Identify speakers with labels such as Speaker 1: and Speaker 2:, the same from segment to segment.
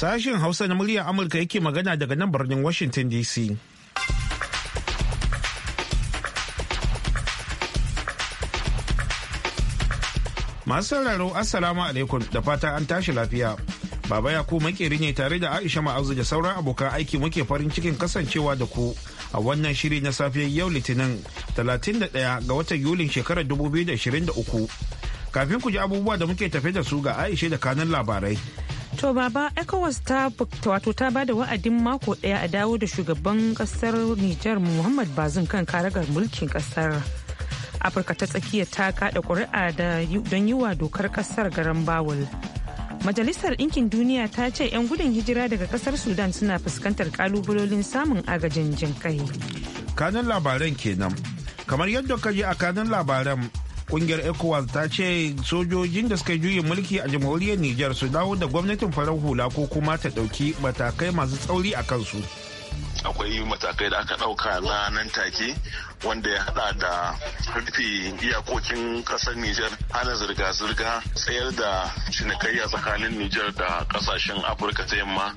Speaker 1: Sashen Hausa na muryar Amurka yake magana daga nan birnin Washington DC. Masu sauraro Assalamu alaikum da fata an tashi lafiya. Baba ya ku makeri ne tare da Aisha Ma'azu da sauran abokan aiki muke farin cikin kasancewa da ku a wannan shiri na safiyar yau Litinin 31 ga watan Yulin shekarar 2023. Kafin ku ji abubuwa da muke tafe da su ga Aisha da kanun labarai.
Speaker 2: To baba ECOWAS ta wato ta bada wa'adin mako daya a dawo da shugaban kasar Nijar Muhammad Bazin kan karagar mulkin kasar. Afirka ta tsakiya ta kada kuri'a don yi wa dokar kasar garan bawul. Majalisar ɗinkin Duniya ta ce 'yan gudun hijira daga kasar Sudan suna fuskantar kalubalolin samun agajin jinkai.
Speaker 1: Kanin labaran kenan. kamar yadda ka yi a kanin labaran kungiyar ecowas ta ce sojojin da suka juyin mulki a jamhuriyar nijar su dawo da gwamnatin farar hula ko kuma ta ɗauki matakai masu tsauri a kansu
Speaker 3: akwai matakai da aka ɗauka na nan take wanda ya hada da rufe iyakokin ƙasar Nijar hana zirga-zirga tsayar da cinikayya tsakanin Nijar da ƙasashen Afirka ta yamma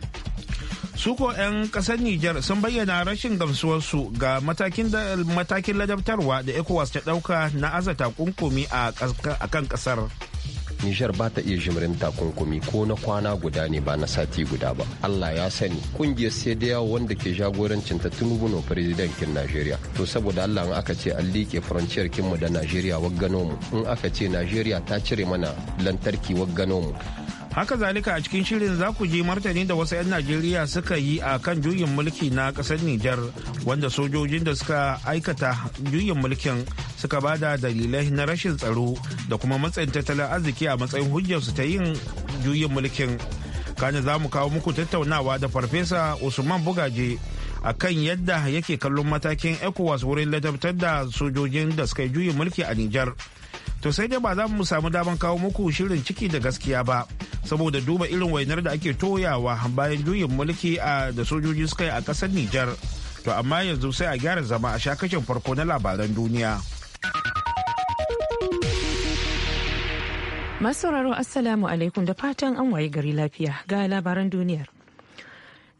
Speaker 1: su ko 'yan kasar Nijar sun bayyana rashin gamsuwarsu ga matakin ladabtarwa da ECOWAS ta dauka na aza takunkumi a kan kasar.
Speaker 4: Nijar ba ta iya jimirin takunkumi ko na kwana guda ne ba na sati guda ba. Allah ya sani kungiyar sai da yawo wanda ke jagorancin ta Tinubu no firizidankin Najeriya. To saboda Allah in aka ce an liƙe faranciyar kinmu da Najeriya waggano in aka ce Najeriya ta cire mana lantarki waggano
Speaker 1: haka zalika a cikin shirin za ku ji martani da wasu 'yan najeriya suka yi a kan juyin mulki na kasar nijar wanda sojojin da suka aikata juyin mulkin suka ba da dalilai na rashin tsaro da kuma matsayin tattalin arziki a matsayin hujjarsu ta yin juyin mulkin kane za mu kawo muku tattaunawa da farfesa usman bugaje a kan yadda yake kallon matakin ecowas wurin ladabtar da sojojin da suka yi juyin mulki a nijar to sai dai ba za mu samu damar kawo muku shirin ciki da gaskiya ba saboda duba irin wainar da ake toyawa bayan juyin mulki a da sojoji suka yi a ƙasar Nijar. To amma yanzu sai a gyara zama a shakashin farko na labaran duniya.
Speaker 2: Masauraro Assalamu alaikum da fatan an waye gari lafiya ga labaran duniyar.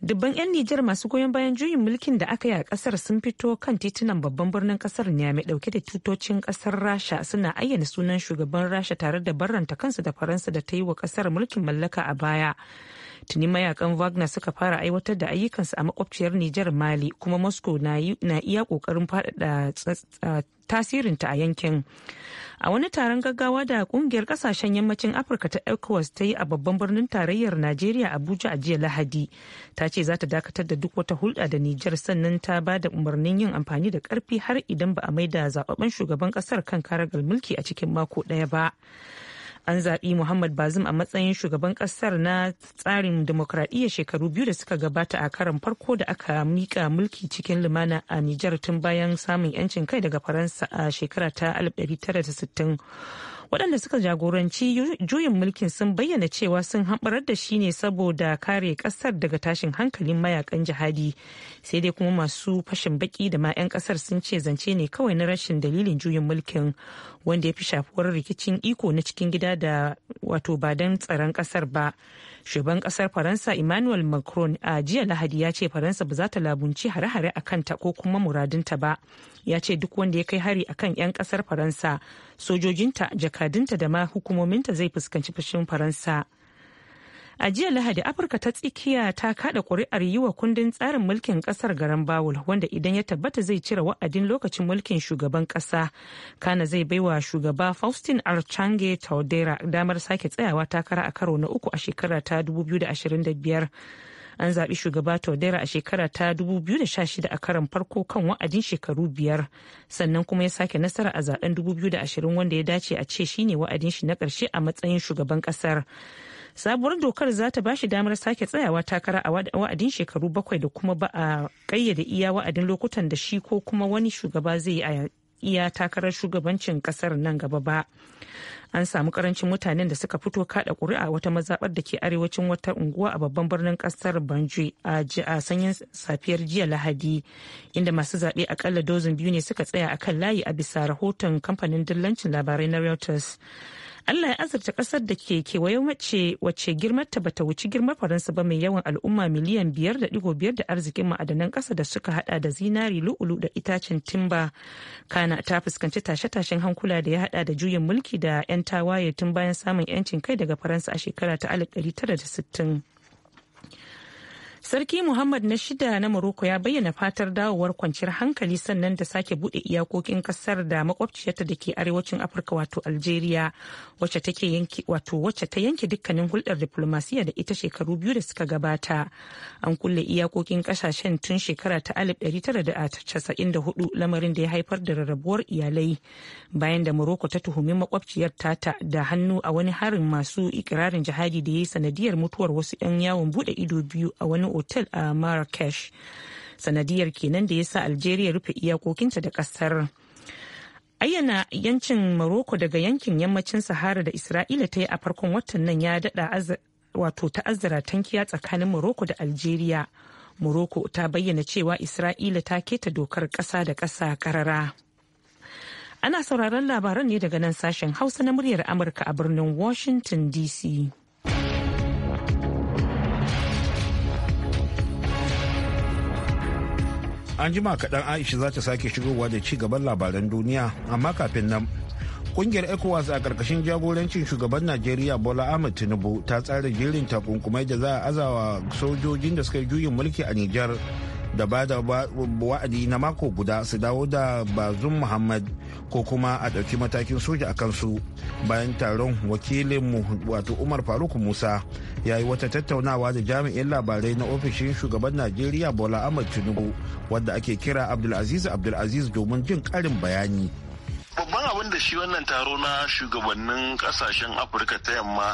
Speaker 2: dubban 'yan nijar masu goyon bayan juyin mulkin da aka yi a kasar sun fito kan titunan babban birnin kasar mai dauke da tutocin kasar rasha suna ayyana sunan shugaban rasha tare da barranta kansu da faransa da ta yi wa kasar mulkin mallaka a baya tuni mayakan wagner suka fara aiwatar da ayyukansu a makwabciyar nijar mali kuma moscow na iya kokarin faɗaɗa tasirinta a yankin a wani taron gaggawa da kungiyar kasashen yammacin afirka ta ecowas ta yi a babban birnin tarayyar najeriya abuja a jiya lahadi ta ce za ta dakatar da duk wata hulɗa da nijar sannan ta ba da umarnin yin amfani da karfi har idan ba a maida zababben shugaban kasar kan karagar mulki a cikin mako ɗaya ba an zaɓi muhammad bazum a matsayin shugaban ƙasar na tsarin demokradiyya shekaru biyu da suka gabata a karan farko da aka mika mulki cikin lumana a nijar tun bayan samun 'yancin kai daga faransa a shekara ta 1960 waɗanda suka jagoranci juyin mulkin sun bayyana cewa sun hamɓarar da shi ne saboda kare ƙasar daga tashin hankalin mayakan jihadi sai dai kuma masu fashin baki da ma 'yan ƙasar sun ce zance ne kawai na rashin dalilin juyin mulkin wanda ya fi shafuwar rikicin iko na cikin gida da wato ba don tsaron ƙasar ba shugaban ƙasar faransa emmanuel macron a jiya lahadi ya ce faransa ba za ta labunci hare-hare a kanta ko kuma muradinta ba ya ce duk wanda ya kai hari akan 'yan ƙasar faransa sojojinta jakadunta da ma hukumominta zai fuskanci fushin faransa a jiya lahadi afirka ta tsikiya ta kada kuri'ar yi wa kundin tsarin mulkin kasar garan bawul wanda idan ya tabbata zai cire wa'adin lokacin mulkin shugaban kasa kana zai baiwa shugaba faustin archange taudera damar sake tsayawa takara a karo na uku a shekara ta 2025 an zaɓi shugaba Todera a shekara ta 2016 a karan farko kan wa'adin shekaru biyar sannan kuma ya sake nasara a zaben 2020 wanda ya dace a ce shine wa'adin shi na ƙarshe a matsayin shugaban ƙasar. sabuwar dokar za ta bashi damar sake tsayawa takara a wa'adin shekaru bakwai da kuma ba a kayyade iya wa'adin lokutan da shi ko kuma wani shugaba zai yi iya takarar shugabancin kasar nan gaba ba an samu karancin mutanen da suka fito kada kuri'a wata mazabar da ke arewacin wata unguwa a babban birnin kasar banjul a sanyin safiyar jiya lahadi inda masu zaɓe akalla dozin biyu ne suka tsaya akan layi a bisa rahoton kamfanin dillancin labarai na reuters Allah ya azurta kasar da ke kewaye mace wacce girmarta bata wuci girmar Faransa ba mai yawan al'umma miliyan biyar da digo biyar da arzikin ma'adanan kasa da suka hada da zinari lu'ulu da itacen timba. Kana ta fuskanci tashe-tashen hankula da ya hada da juyin mulki da 'yan tawaye tun bayan samun 'yancin kai daga Faransa a shekara ta 1960. Sarki Muhammad na shida na Morocco ya bayyana fatar dawowar kwanciyar hankali sannan da sake bude iyakokin kasar da makwabciyarta da ke arewacin Afirka wato Algeria wacce take ta yanke dukkanin hulɗar diplomasiya da ita shekaru biyu da suka gabata. An kulle iyakokin kasashen tun shekara ta 1994 lamarin da ya haifar da rarrabuwar iyalai bayan da Morocco ta tuhumi makwabciyar tata da hannu a wani harin masu ikirarin jihadi da ya yi sanadiyar mutuwar wasu 'yan yawon bude ido biyu a wani otel a marrakesh sanadiyar kenan da ya sa algeria rufe iyakokinta da kasar ayyana yancin maroko daga yankin yammacin sahara da isra'ila ta yi a farkon watan nan ya daɗa wato ta'azzara tankiya tsakanin maroko da algeria morocco ta bayyana cewa isra'ila ta keta dokar ƙasa da ƙasa karara ana sauraron labaran ne daga nan sashen hausa na muryar amurka a birnin washington dc
Speaker 1: an jima kaɗan aisha za ta sake shigowa da ci gaban labaran duniya amma kafin nan ƙungiyar ecowas a ƙarƙashin jagorancin shugaban najeriya bola ahmed tinubu ta tsara jerin takunkumai da za a azawa sojojin da suka yi juyin mulki a nijar da ba da wa'adi na mako guda su dawo da bazun muhammad ko kuma a ɗauki matakin soja a kansu bayan taron wakilinmu wato umar faruk musa ya yi wata tattaunawa da jami'in labarai na ofishin shugaban najeriya bola ahmad tinubu wadda ake kira abdulaziz abdulaziz domin jin karin bayani
Speaker 3: babban abin da shi wannan taro na shugabannin kasashen afirka ta yamma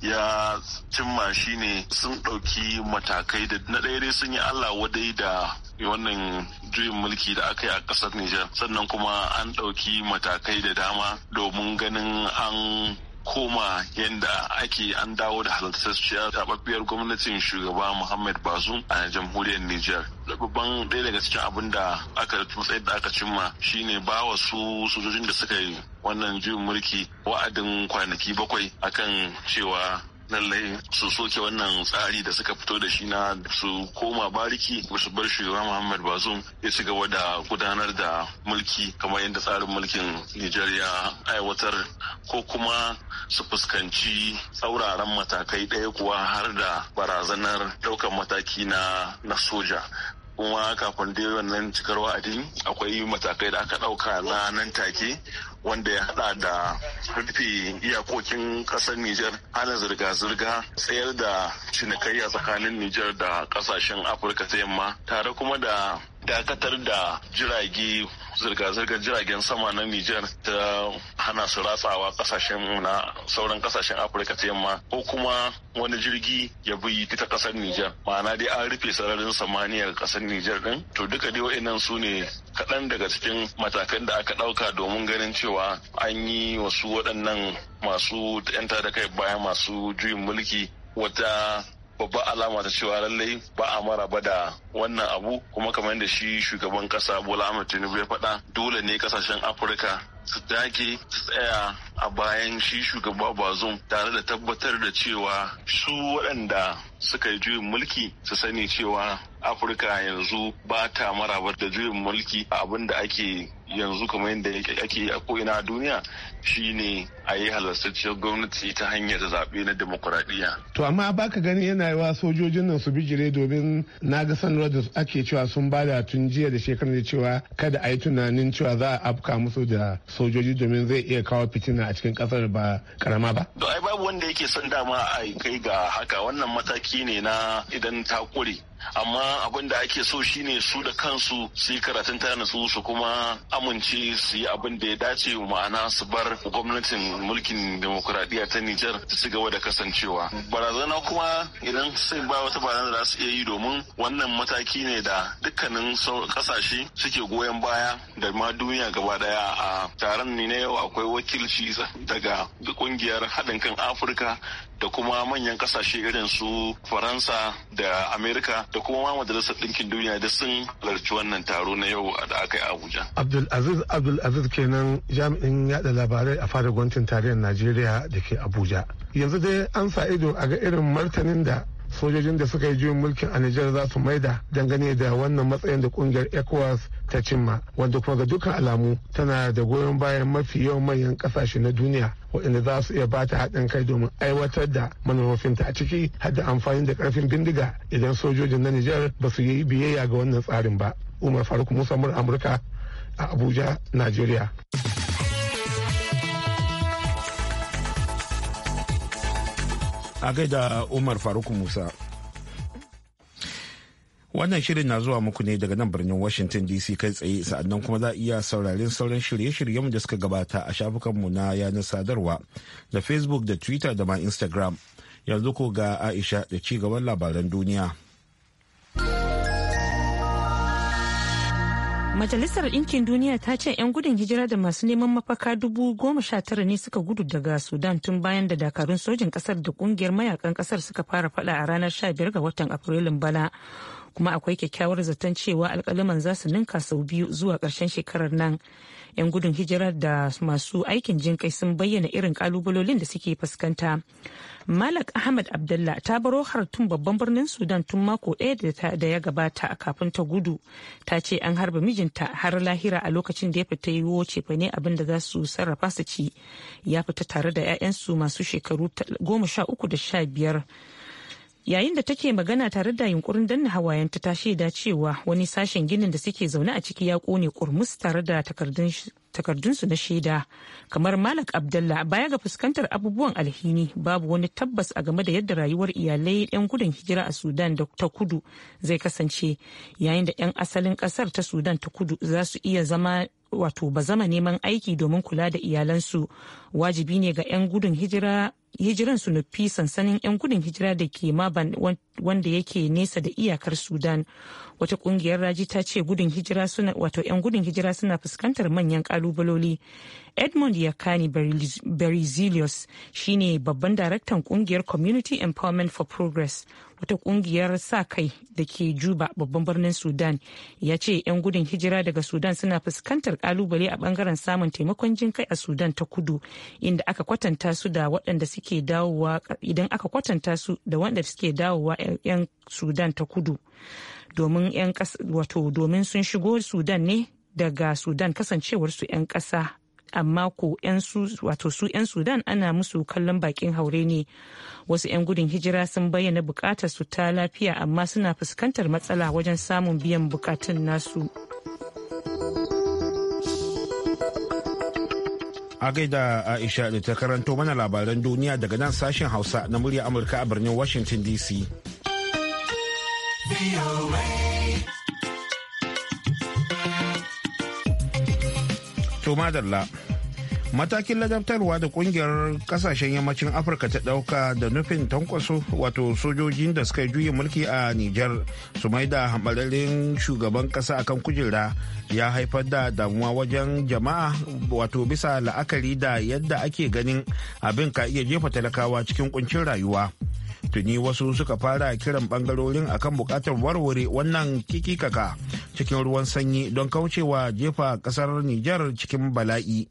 Speaker 3: ya cimma shi ne sun ɗauki matakai da na ɗaya dai sun yi Allah wadai da wannan juyin mulki da aka yi a ƙasar Nijar sannan kuma an ɗauki matakai da dama domin ganin an koma yadda ake an dawo da halartacciyar tababbiyar gwamnatin shugaba Muhammad Bazoum a jamhuriyar Nijar. Babban ɗaya daga cikin abin da aka matsayar da aka cimma shine ba wa su sojojin da suka yi wannan juyin mulki wa'adin kwanaki bakwai akan cewa lallai su soke wannan tsari da suka fito da shi na su koma bariki su bar shugaba muhammad bazum ya ci gaba da gudanar da mulki kamar yadda tsarin mulkin nijar aiwatar ko kuma su fuskanci tsauraran matakai ɗaya kuwa har da barazanar ɗaukar mataki na na soja kuma kafin dai wannan cikar wa'adin akwai matakai da aka ɗauka na nan take wanda ya hada da rufe iyakokin kasar Nijar hana zirga-zirga tsayar da cinikayya tsakanin Nijar da kasashen Afirka ta yamma tare kuma da dakatar da jirage zirga-zirgar jiragen sama na Nijar ta hana su ratsawa kasashen na sauran kasashen Afirka ta yamma ko kuma wani jirgi ya bi ta kasar Nijar ma'ana dai an rufe sararin samaniya kasar Nijar din to duka dai wa'annan su ne kaɗan daga cikin matakan da aka ɗauka domin ganin cewa cewa an yi wasu waɗannan masu yanta da kai bayan masu juyin mulki wata babba alama ta cewa lallai ba a maraba da wannan abu kuma kamar da shi shugaban kasa bola ahmed tinubu ya faɗa dole ne kasashen afirka su dage su tsaya a bayan shi shugaba bazum tare da tabbatar da cewa su waɗanda suka yi juyin mulki su sani cewa afirka yanzu ba ta maraba da juyin mulki abin da ake yanzu kamar yadda ake a ko'ina a duniya shine a yi halastacciyar gwamnati ta hanyar zaɓe na demokuraɗiyya.
Speaker 5: to amma baka gani yana wa sojojin nan su bijire domin na ga sanarwar da ake cewa sun bada tun jiya da shekarar da cewa kada a yi tunanin cewa za a afka musu da sojoji domin zai iya kawo fitina a cikin kasar ba karama ba
Speaker 3: to ai babu wanda yake son dama a kai ga haka wannan mataki ne na idan ta kure amma abin da ake so shine su da kansu su yi karatun ta na su kuma amince su yi abin da ya dace ma'ana su bar gwamnatin mulkin demokuraɗiyya ta Nijar ta ci gaba da kasancewa. Barazana kuma idan sai ba wata barazana da su iya yi domin wannan mataki ne da dukkanin kasashe suke goyon baya da ma duniya gaba daya a taron ne na yau akwai wakilci daga kungiyar haɗin kan Afirka da kuma manyan kasashe irin su Faransa da Amerika da kuma ma majalisar ɗinkin duniya da sun halarci wannan taro na yau da aka yi abuja
Speaker 5: abdul aziz abdul aziz kenan jami'in yada labarai a fadar gwamnatin tarayyar najeriya da ke abuja yanzu dai an sa ido a ga irin martanin da sojojin da suka yi juyin mulkin a Nijar za su maida dangane da wannan matsayin da kungiyar ECOWAS ta cimma wanda kuma ga dukkan alamu tana da goyon bayan mafi yawan manyan kasashe na duniya waɗanda za su iya ba ta haɗin kai domin aiwatar da manufofinta a ciki har da amfani da ƙarfin bindiga idan sojojin na Nijar ba su yi biyayya ga wannan tsarin ba. Umar Faruk Musa Amurka a Abuja, Najeriya.
Speaker 1: a gaida umar faruk musa wannan shirin na zuwa muku ne daga nan birnin washington dc kai tsaye sa'annan kuma za a iya sauraren sauran shirye-shiryen da suka gabata a shafukanmu na yanar sadarwa da facebook da twitter da ma instagram yanzu ko ga aisha da ci gaban labaran duniya
Speaker 2: Majalisar Ɗinkin Duniya ta ce 'yan gudun hijira da masu neman mafaka dubu goma sha tara ne suka gudu daga Sudan tun bayan da dakarun sojin ƙasar da ƙungiyar mayakan ƙasar suka fara faɗa a ranar 15 ga watan Afrilun bana. kuma akwai kyakkyawar zaton cewa alkaliman za su ninka sau biyu zuwa ƙarshen shekarar nan yan gudun hijirar da masu aikin jin kai sun bayyana irin kalubalolin da suke fuskanta malak ahmad abdullah ta baro hartun babban birnin sudan tun mako ɗaya da ya gabata kafin ta gudu ta ce an harba mijinta har lahira a lokacin da ya fita yi wuce fa ne abin da za su sarrafa su ci ya fita tare da 'ya'yansu masu shekaru goma sha uku da sha biyar yayin da take magana tare da yunkurin danna hawayen ta shaida cewa wani sashen ginin da suke zaune a ciki ya kone kurmus tare da takardun takardunsu na shaida kamar Malak Abdullah baya ga fuskantar abubuwan alhini babu wani tabbas a game da yadda rayuwar iyalai 'yan gudun hijira a Sudan da ta kudu zai kasance yayin da 'yan asalin kasar ta Sudan ta kudu za su iya zama wato ba zama neman aiki domin kula da iyalansu wajibi ne ga 'yan gudun hijira hijiran su nufi sansanin 'yan gudun hijira da ke ma wanda yake nesa da iyakar sudan wata kungiyar raji ta ce gudun hijira suna wato 'yan gudun hijira suna fuskantar manyan kalubaloli edmund yakani berizilius shine babban daraktan kungiyar community empowerment for progress wata kungiyar sa kai da ke juba babban birnin sudan ya ce 'yan gudun hijira daga sudan suna fuskantar kalubale a bangaren samun taimakon jin kai a sudan ta kudu inda aka kwatanta su da waɗanda suke dawowa idan aka kwatanta su da waɗanda suke dawowa 'yan sudan ta kudu domin 'yan wato domin sun shigo sudan ne daga sudan kasancewarsu 'yan ƙasa amma ko wato su 'yan sudan ana musu kallon bakin haure ne wasu 'yan gudun hijira sun bayyana bukatar su ta lafiya amma suna fuskantar matsala wajen samun biyan bukatun nasu
Speaker 1: a gaida aisha da ta karanto mana labaran duniya daga nan sashen hausa na murya amurka a birnin washington dc To madalla. Matakin ladabtarwa da kungiyar kasashen yammacin Afirka ta dauka da nufin tankwaso wato sojojin da suka yi juya mulki a Nijar su mai da hamararren shugaban kasa akan kujera ya haifar da damuwa wajen jama'a wato bisa la'akari da yadda ake ganin abin ka iya jefa talakawa cikin kuncin rayuwa. tuni wasu suka fara kiran bangarorin akan bukatar warware wannan kikikaka cikin ruwan sanyi don kaucewa jefa kasar Nijar cikin bala'i.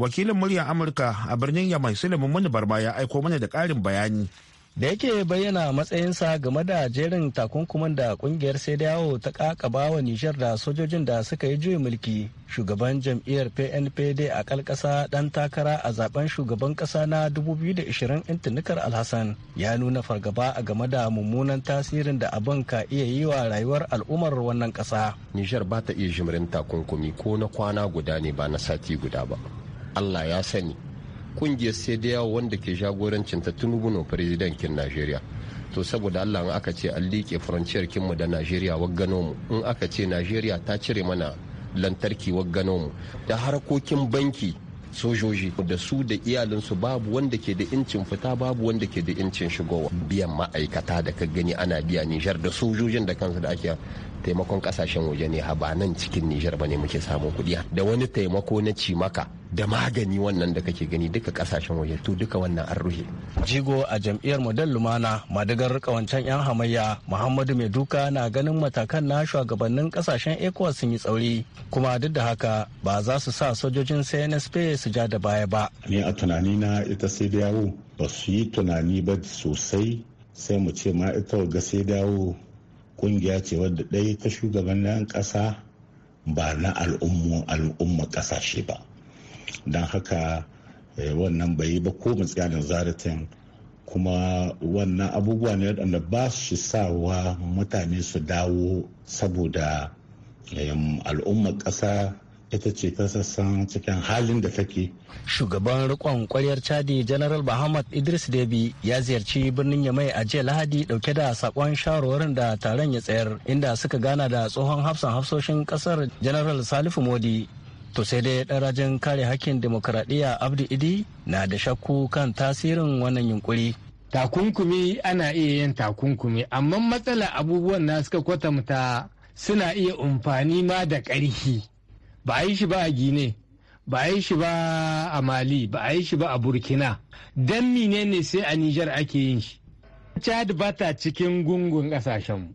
Speaker 1: Wakilin muryar Amurka a birnin Yamai Suleiman Muni Barma ya aiko mana da ƙarin bayani. da yake bayyana matsayinsa game da jerin
Speaker 6: takunkuman da kungiyar sai yawo ta kakaba wa nijar da sojojin da suka yi juyi mulki shugaban jam'iyyar pnp dai a kalkasa dan takara a zaben shugaban kasa na 2020 intinikar alhassan ya nuna fargaba a game da mummunan tasirin da abin ka iya yi wa rayuwar al'ummar wannan kasa
Speaker 4: nijar ba ta iya jimrin takunkumi ko na kwana guda ne ba na sati guda ba allah ya sani kungiyar sai da yawo wanda ke jagorancin ta tinubu no kin najeriya to saboda allah in aka ce an liƙe furanciyar kinmu da najeriya waggano mu in aka ce najeriya ta cire mana lantarki waggano mu da harkokin banki sojoji da su da iyalinsu babu wanda ke da incin fita babu wanda ke da incin shigowa biyan ma'aikata da ka gani ana biya nijar da sojojin da kansu da ake taimakon kasashen waje ne ba nan cikin nijar ba ne muke samun kuɗi da wani taimako na cimaka da magani wannan da kake gani duka kasashen waje to duka
Speaker 6: wannan an ruhe jigo a jam'iyyar model lumana madagar kawancan yan hamayya muhammadu mai duka na ganin matakan na shugabannin kasashen ecowas sun yi tsauri kuma duk da haka ba za su sa sojojin cnsp su ja da baya ba
Speaker 3: ni a tunani na ita sai
Speaker 7: dawo ba su yi tunani ba sosai sai mu ce ma ita ga sai dawo kungiya ce wadda ɗaya ta shugabannin ƙasa ba na al'umma ƙasashe ba don haka eh, wannan bai ba ko mutsiyanin zaratin kuma wannan abubuwa ne waɗanda ba su sawa mutane su dawo saboda eh, al'ummar ƙasa ita ce ta sassan cikin halin da take.
Speaker 6: Shugaban rikon kwaryar Chadi General Muhammad Idris Debi ya ziyarci birnin Yamai a jiya Lahadi dauke da sakon shawarwarin da taron ya tsayar inda suka gana da tsohon hafsan hafsoshin kasar General Salifu Modi. To sai dai darajin kare hakkin demokradiyya Abdi Idi na da shakku kan tasirin wannan yunkuri. Takunkumi ana iya yin takunkumi amma matsala abubuwan na suka kwatanta suna iya amfani ma da ƙarfi. ba a yi shi ba a gine ba a yi shi ba a mali ba a yi shi ba a burkina don mine ne sai a nijar ake yin shi chad ba ta cikin gungun kasashenmu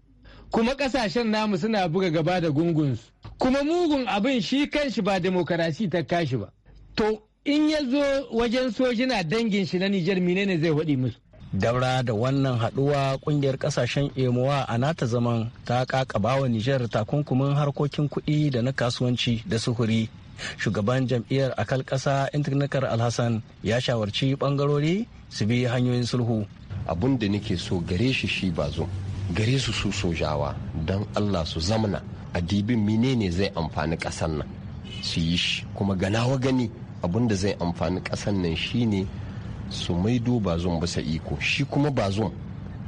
Speaker 6: kuma kasashen namu suna buga gaba da gungunsu kuma mugun abin shi kanshi ba demokarasi ta kashi ba to in ya zo wajen sojina dangin shi na nijar mine ne zai waɗi musu daura da wannan haduwa kungiyar kasashen emowa a nata zaman ta kakabawa nijar takunkumin harkokin kuɗi da na kasuwanci da suhuri shugaban jam'iyyar akal ƙasa intanakar alhassan ya shawarci bangarori su bi hanyoyin sulhu abun da nake so gare shi shi bazo gare su
Speaker 4: su sojawa don allah su zamana a dibin menene zai amfani ƙasar nan su yi shi kuma ganawa gani abun da zai amfani ƙasar nan shine su maido bazum bisa iko shi kuma bazum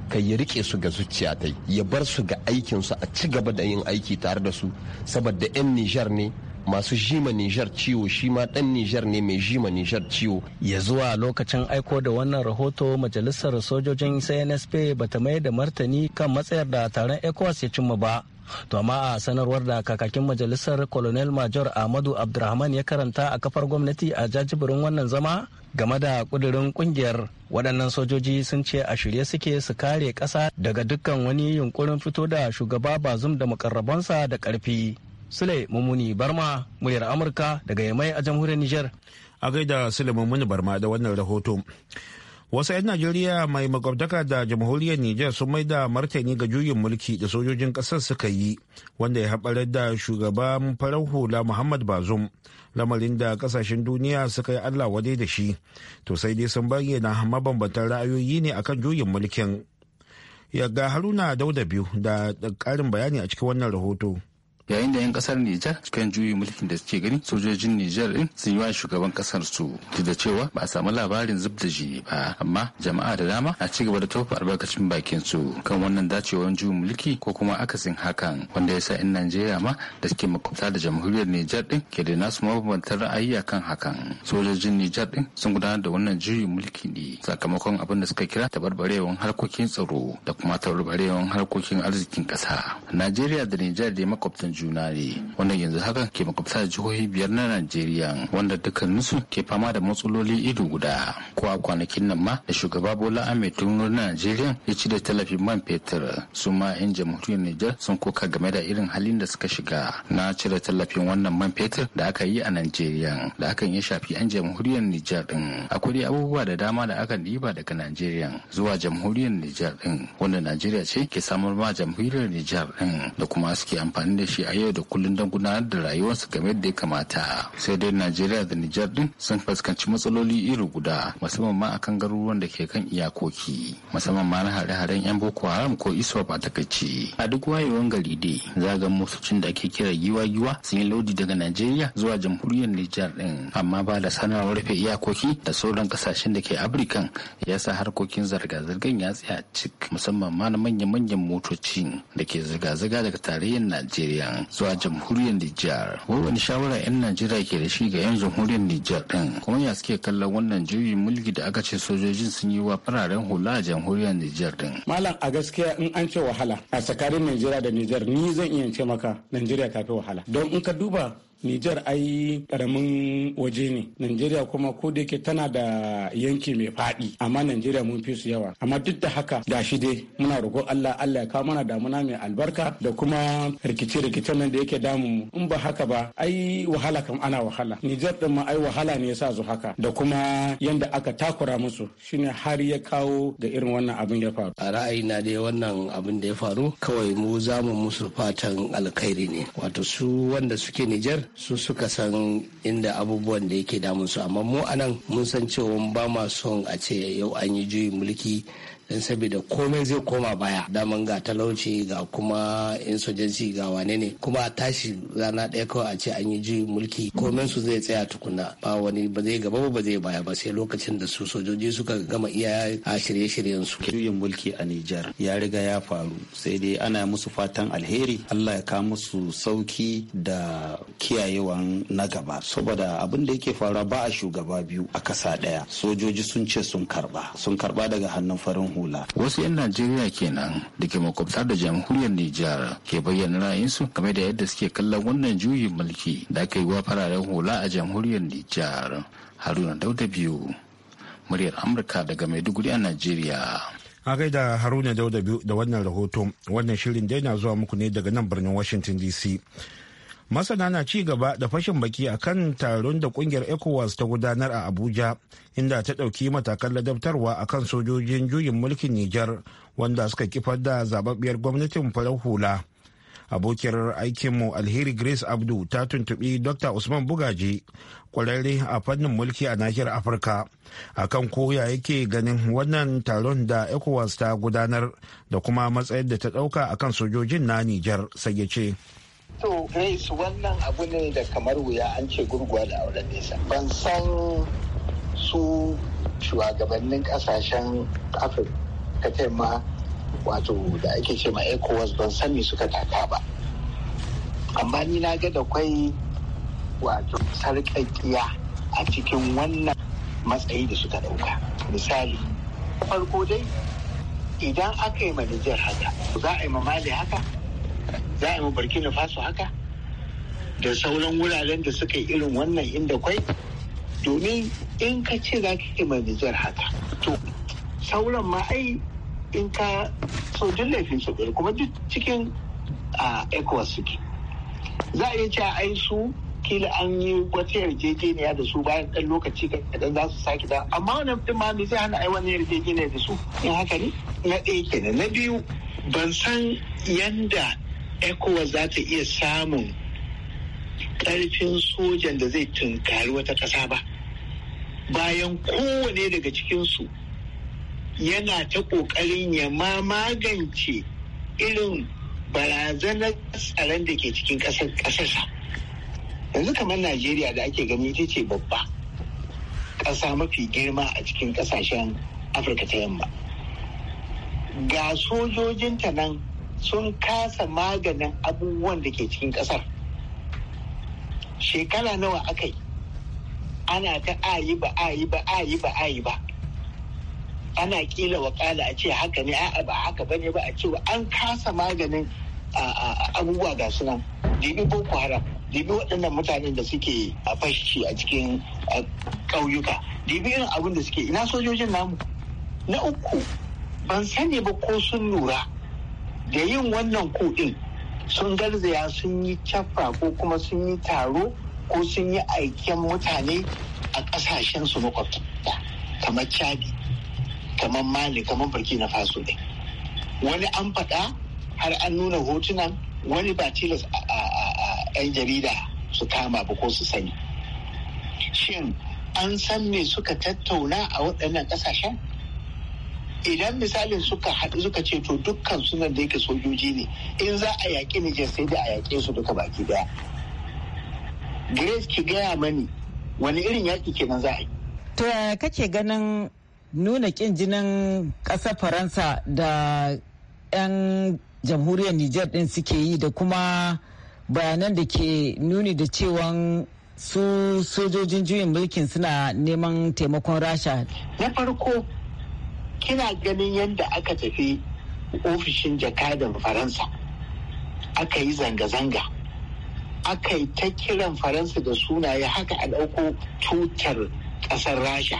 Speaker 4: kai ya rike su ga zuciya ta ya bar su ga su a ci gaba da yin aiki tare da su saboda 'yan nijar ne masu jima nijar ciwo shi ma dan nijar ne mai jima nijar ciwo
Speaker 6: ya zuwa lokacin aiko da wannan rahoto majalisar sojojin cnsp bata mai da martani kan matsayar da taron ecowas ya cimma ba To amma a sanarwar da kakakin majalisar Colonel Major Ahmadu Abdurrahman ya karanta a kafar gwamnati a jajibirin wannan zama game da kudirin kungiyar waɗannan sojoji sun ce a shirye suke su kare ƙasa daga dukkan wani yunkurin fito da shugaba bazum da mukarrabansa da ƙarfi. Sule Mumuni Barma,
Speaker 1: muryar Amurka daga Yamai a jamhuriyar niger. A gaida Sule Mumuni Barma da wannan rahoto. wasu 'yan najeriya mai makwabtaka da jamhuriyar niger sun mai da martani ga juyin mulki da sojojin kasar suka yi wanda ya haɓarar da shugaban farar hula muhammad bazum lamarin da ƙasashen duniya suka yi allah wadai da shi to sai dai sun bayyana mabambantan ra'ayoyi ne akan juyin mulkin ya ga haruna dauda biyu da ƙarin bayani a cikin wannan rahoto yayin da 'yan kasar Nijar cikin juyin mulkin da
Speaker 7: suke gani sojojin Nijar din sun yi wa shugaban kasar su da cewa ba a samu labarin zub da jini ba amma jama'a da dama na ci gaba da tofa albarkacin bakin su kan wannan dacewar juyin mulki ko kuma akasin hakan wanda ya sa 'yan Najeriya ma da suke makwabta da jamhuriyar Nijar din ke da nasu mabambantan ra'ayi akan hakan sojojin Nijar din sun gudanar da wannan juyin mulki ne sakamakon abin da suka kira tabarbarewan harkokin tsaro da kuma tabarbarewan harkokin arzikin kasa Najeriya da Nijar da makwabtan juna ne wanda yanzu haka ke makwabta jihohi biyar na najeriya wanda dukkaninsu ke fama da matsaloli ido guda ko a kwanakin nan ma da shugaba bola ahmed tinubu na najeriya ya ci da tallafin man fetur su ma yan jamhuriyar nijar sun koka game da irin halin da suka shiga na cire tallafin wannan man fetur da aka yi a najeriya da hakan ya shafi yan jamhuriyar nijar din akwai dai abubuwa da dama da aka diba daga najeriya zuwa jamhuriyar nijar din wanda najeriya ce ke samar ma jamhuriyar nijar din da kuma suke amfani da shi a yau da kullum don gudanar da rayuwarsu game da ya kamata sai dai najeriya da nijar din sun fuskanci matsaloli iri guda musamman ma akan garuruwan da ke kan iyakoki musamman ma na hare-haren yan boko haram ko iswa ba takaici a duk wayewan gari dai ga motocin da ake kira giwa-giwa sun yi lodi daga najeriya zuwa jamhuriyar nijar din amma ba da sanarwar rufe iyakoki da sauran kasashen da ke afirikan ya sa harkokin zirga-zirgar ya tsaya cik musamman ma na manya-manyan motocin da ke zirga-zirga daga tarayyar najeriya kenan zuwa jamhuriyar Nijar. Wai wani shawara 'yan Najeriya ke da shi ga 'yan jamhuriyar Nijar din kuma ya suke kallon wannan juyin mulki da aka ce sojojin sun yi wa fararen hula a jamhuriyar Nijar din.
Speaker 6: Malam a gaskiya in an ce wahala
Speaker 7: a tsakanin Najeriya da Nijar ni zan iya ce maka Najeriya ta fi wahala. Don in ka duba Nijar
Speaker 6: ai karamin waje ne. Najeriya kuma ko da yake tana da yanki mai faɗi amma Najeriya mun fi su yawa. Amma duk da haka gashi dai muna roƙon Allah Allah ya kawo mana damuna mai albarka da kuma rikice-rikicen nan da yake damu in ba haka ba ai wahala kam ana wahala. Nijar din ma ai wahala ne yasa zu haka da kuma yanda aka takura musu shine har ya kawo ga irin wannan abin ya faru. A ra'ayina dai wannan abin da ya faru kawai mu zamu musu fatan alkhairi ne. Wato su wanda suke Nijar su suka san inda abubuwan da yake damun amma mu anan mun san cewa ba ma son a ce yau an yi juyin mulki don saboda komai zai koma baya daman ga talauci ga kuma insurgency ga wane ne kuma a tashi rana ɗaya kawai a ce an yi ji mulki komai su zai tsaya tukuna ba wani ba zai gaba ba zai baya ba sai lokacin da su sojoji suka gama iya a shirye-shiryen su juyin mulki a Nijar ya riga ya faru sai dai ana musu fatan alheri Allah ya kawo musu sauki da kiyayewan
Speaker 7: na gaba saboda abin da yake faruwa ba a shugaba biyu a kasa ɗaya sojoji sun ce sun karba sun karba daga hannun farin hula wasu 'yan najeriya kenan da ke makwabta da jamhuriyar nijar ke bayyana ra'ayinsu game da yadda suke kallon wannan juyin mulki da aka yi wa fararen hula a jamhuriyar nijar haruna dauda biyu muryar amurka daga maiduguri a najeriya
Speaker 1: a gaida haruna dauda biyu da wannan rahoton wannan shirin dai na zuwa muku ne daga nan birnin washington dc masana na ci gaba da fashin baki a kan taron da kungiyar ecowas ta gudanar a abuja inda ta ɗauki matakan ladabtarwa a kan sojojin juyin mulkin nijar wanda suka kifar da zababbiyar gwamnatin farar hula abokiyar aikinmu alheri grace abdu ta tuntubi dr usman bugaji kwararre a fannin mulki a nahiyar afirka a kan koya yake ganin wannan taron da ecowas ta gudanar da kuma matsayar da ta dauka kan sojojin na nijar sai ya ce
Speaker 8: To Grace eh, wannan abu ne da kamar wuya an ce gurguwa da auren nesa. Ban san su shugabannin kasashen Afirka ta ma wato da ake ce ma ECOWAS ban san me suka taka ba. Amma ni na ga da kwai wato sarƙaƙiya a cikin wannan matsayi da suka ɗauka. Misali, farko dai idan aka yi ma Nijar haka, za a yi ma Mali haka, za a yi burkina faso haka da sauran wuraren da suka yi irin wannan inda kwai domin in ka ce za ka ke mai nijar haka to sauran ma ai in ka so laifin su kuma duk cikin a ecowas suke za a iya ce ai su kila an yi wata yarjejeniya da su bayan ɗan lokaci kaɗan za su sake da amma wannan ɗin ma me zai hana ai wani yarjejeniya da su in haka ne na ɗaya kenan na biyu ban san yanda ecowas za ta iya samun ƙarfin sojan da zai tunkari wata ƙasa ba bayan kowane daga cikinsu yana ta ƙoƙarin ya ma magance irin barazanar tsaron da ke cikin ƙasarsa yanzu kamar najeriya da ake gani ita ce babba ƙasa mafi girma a cikin ƙasashen afirka ta yamma ga sojojinta nan sun kasa maganin abubuwan da ke cikin kasar. shekara nawa aka yi ana ta ayi ba ayi ba ayi ba ayi ba ana kila waƙala a ce haka ne a'a ba haka ba ne ba a cewa an kasa maganin abubuwa ga sunan dibi boko haram dibi waɗannan mutanen da suke a fashi a cikin ƙauyuka dibi irin abin da suke ina sojojin namu na uku ban sani ba ko sun lura da yin wannan kuɗin sun garzaya sun yi cafa ko kuma sun yi taro ko sun yi aiken mutane a ƙasashen su makwabta kamar chadi kamar mali kamar burkina faso ne wani an faɗa har an nuna hotunan wani ba tilas a 'yan jarida su kama ba ko su sani shin an san me suka tattauna a waɗannan ƙasashen idan misalin suka haɗu suka ce to dukkan sunan da yake sojoji ne in za a yaƙi Nijar sai da a yaƙe su duka baki daya. Grace ki gaya mani wani irin yaƙi kenan za a yi.
Speaker 2: To kake ganin
Speaker 6: nuna ƙin jinin ƙasar Faransa da 'yan jamhuriyar Nijar ɗin suke yi da kuma bayanan da ke nuni da cewan su sojojin juyin mulkin suna neman taimakon rasha. Na farko
Speaker 8: kina ganin yadda aka tafi ofishin jakadan faransa aka yi zanga-zanga aka yi ta kiran faransa da sunaye haka a ɗauko tutar ƙasar rasha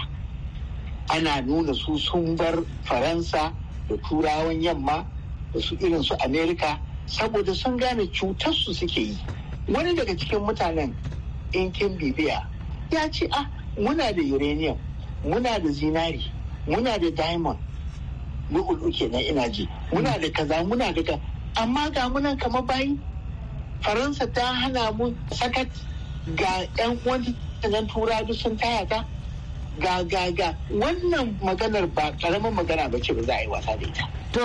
Speaker 8: ana nuna su sun bar faransa da turawan yamma da su irin su amerika saboda sun gane cutarsu suke yi wani daga cikin mutanen in kin bibiya ya ce ah muna da uranium muna da zinari muna da diamond uke na ina ji muna da kaza muna da ka amma ga munan kamar bayi faransa ta hana mu sakat ga yan wani nan tura duk sun taya ta ga ga ga wannan maganar ba karamin magana ba ce ba za a yi wasa da ita. To,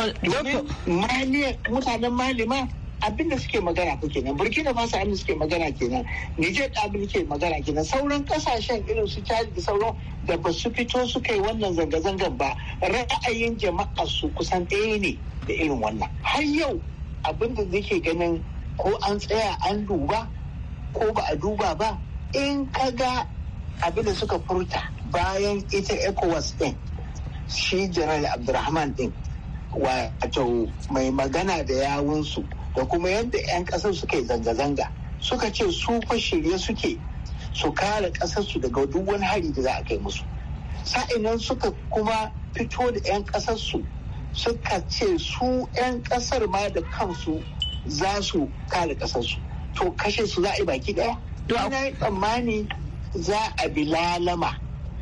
Speaker 8: mutanen malima abin da suke magana fa kenan burkina faso abin da suke magana kenan niger da abin suke magana kenan sauran kasashen irin su chad da sauran da ba su fito su kai wannan zanga zangan ba ra'ayin jama'a su kusan ɗaya ne da irin wannan har yau abin da nake ganin ko an tsaya an duba ko ba a duba ba in ka ga abin da suka furta bayan ita ecowas din shi general abdulrahman din wato mai magana da yawunsu da kuma yadda 'yan ƙasar suka yi zanga-zanga suka ce su fa shirye suke su kare ƙasarsu daga duk wani hari da za a kai musu sa'inan suka kuma fito da 'yan ƙasarsu suka ce su 'yan ƙasar ma da kansu za su kare ƙasarsu to kashe su za a yi baki ɗaya ina tsammani za a bi lalama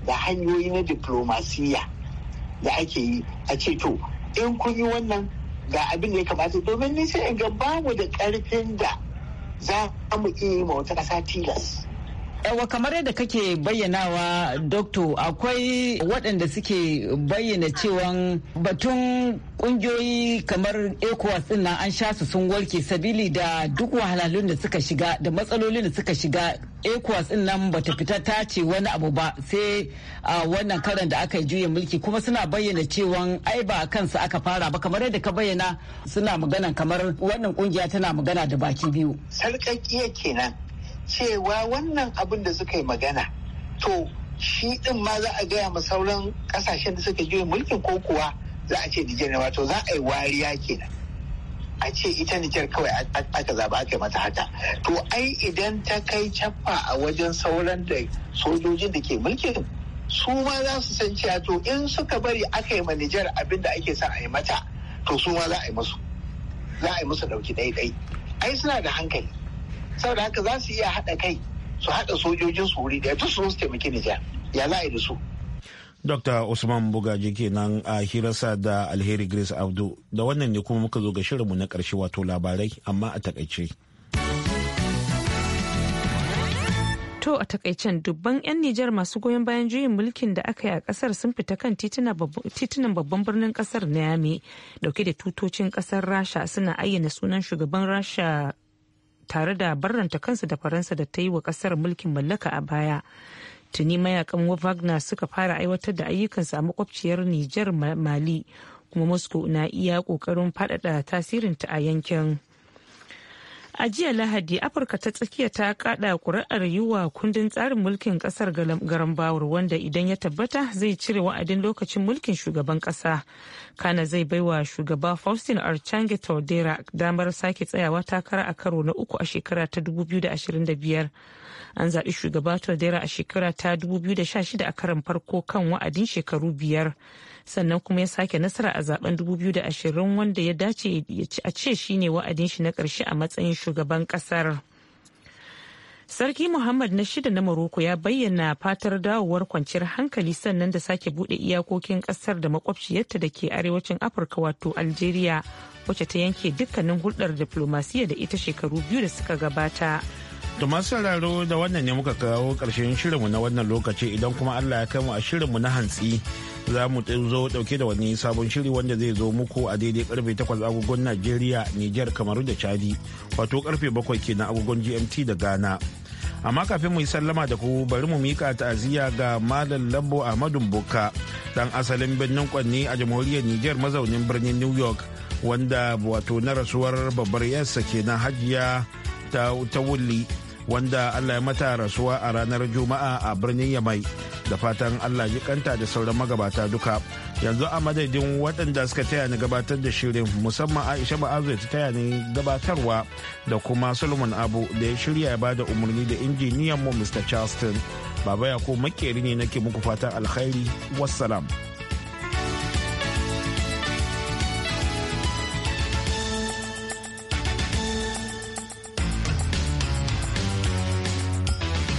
Speaker 8: da hanyoyi na diplomasiya da ake yi a ce to in kun yi wannan ga abin da ya kamata domin ni sai in ga babu da karfin da za mu iya yi ma wata ƙasa tilas
Speaker 6: Yawa kamar yadda kake bayyanawa doktor akwai waɗanda suke bayyana cewa batun ƙungiyoyi kamar ECOWAS din nan an sha su sun warke sabili da duk wahalhalun da suka shiga da matsalolin da suka shiga ECOWAS din nan bata fita ta ce wani abu ba sai a wannan karan da aka juya mulki kuma suna bayyana cewa ai ba kansu aka fara ba kamar yadda ka bayyana suna magana kamar wannan ƙungiya tana magana da baki biyu. sarƙaƙƙiya kenan cewa wannan
Speaker 8: abin da suka yi magana to shi din ma za a gaya ma sauran kasashen da suka juya mulkin ko kuwa za a ce Nijar ne wato za a yi wariya kenan a ce ita Nijar kawai aka zaba aka yi mata haka to ai idan ta kai cafa a wajen sauran da sojojin da ke mulkin su ma za su san cewa to in suka bari aka yi ma Nijar abin da ake sa a yi mata to su ma za a yi musu za a ɗauki ɗai-ɗai ai suna da hankali saboda haka za su iya haɗa kai su haɗa sojojin su wuri daya duk su taimaki Nijar ya za a yi da su.
Speaker 1: Dr. Usman Bugaji kenan a hirarsa da Alheri Grace Abdu da wannan ne kuma muka zo ga shirinmu na ƙarshe wato labarai amma a takaice.
Speaker 2: To a takaicen dubban 'yan Nijar masu goyon bayan juyin mulkin da aka yi a kasar sun fita kan titunan babban birnin kasar Niamey dauke da tutocin kasar Rasha suna ayyana sunan shugaban Rasha tare da barranta kansu da faransa da ta yi wa kasar mulkin mallaka a baya tuni mayakan wagner suka fara aiwatar da ayyukansu a makwabciyar niger mali kuma moscow na iya kokarin faɗaɗa tasirinta a yankin A jiya Lahadi, Afirka ta tsakiya ta kada kuri'ar yiwa kundin tsarin mulkin kasar garan bawur wanda idan ya tabbata zai cire wa'adin lokacin mulkin shugaban kasa. Kana zai baiwa shugaba Faustin Archange Taudera damar sake tsayawa takara a karo na uku a shekara ta 2025. an zaɓi shugaba Todera a shekara ta 2016 a karan farko kan wa'adin shekaru biyar. Sannan kuma ya sake nasara a zaben 2020 wanda ya dace a ce shine wa'adin shi na ƙarshe a matsayin shugaban ƙasar. Sarki Muhammad na shida na maroko ya bayyana fatar dawowar kwanciyar hankali sannan da sake bude iyakokin kasar da makwabciyarta da ke arewacin Afirka wato Algeria wacce ta yanke dukkanin hulɗar diflomasiyya da ita shekaru biyu da suka gabata.
Speaker 1: To masu sauraro da wannan ne muka kawo ƙarshen shirinmu na wannan lokaci idan kuma Allah ya kai mu a shirinmu na hantsi za mu zo dauke da wani sabon shiri wanda zai zo muku a daidai karfe 8 agogon Najeriya, Nijar, Kamaru da Chadi, wato karfe 7 kenan agogon GMT da Ghana. amma kafin mu yi sallama da ku bari mu mika ta'aziyya ga malam lambo ahmadu bukka dan asalin birnin kwanne a jamhuriyar niger mazaunin birnin new york wanda wato na rasuwar babbar yarsa kenan hajiya ta wulli wanda allah ya mata rasuwa a ranar juma'a a birnin yamai da fatan allah ji kanta da sauran magabata duka yanzu a madadin waɗanda suka taya ni gabatar da shirin musamman aisha ma'azu ta taya ni gabatarwa da kuma solomon abu da ya shirya ya bada umarni da injiniyan mu mr charleston baba ya ko makeri ne nake muku fatan alkhairi wassalam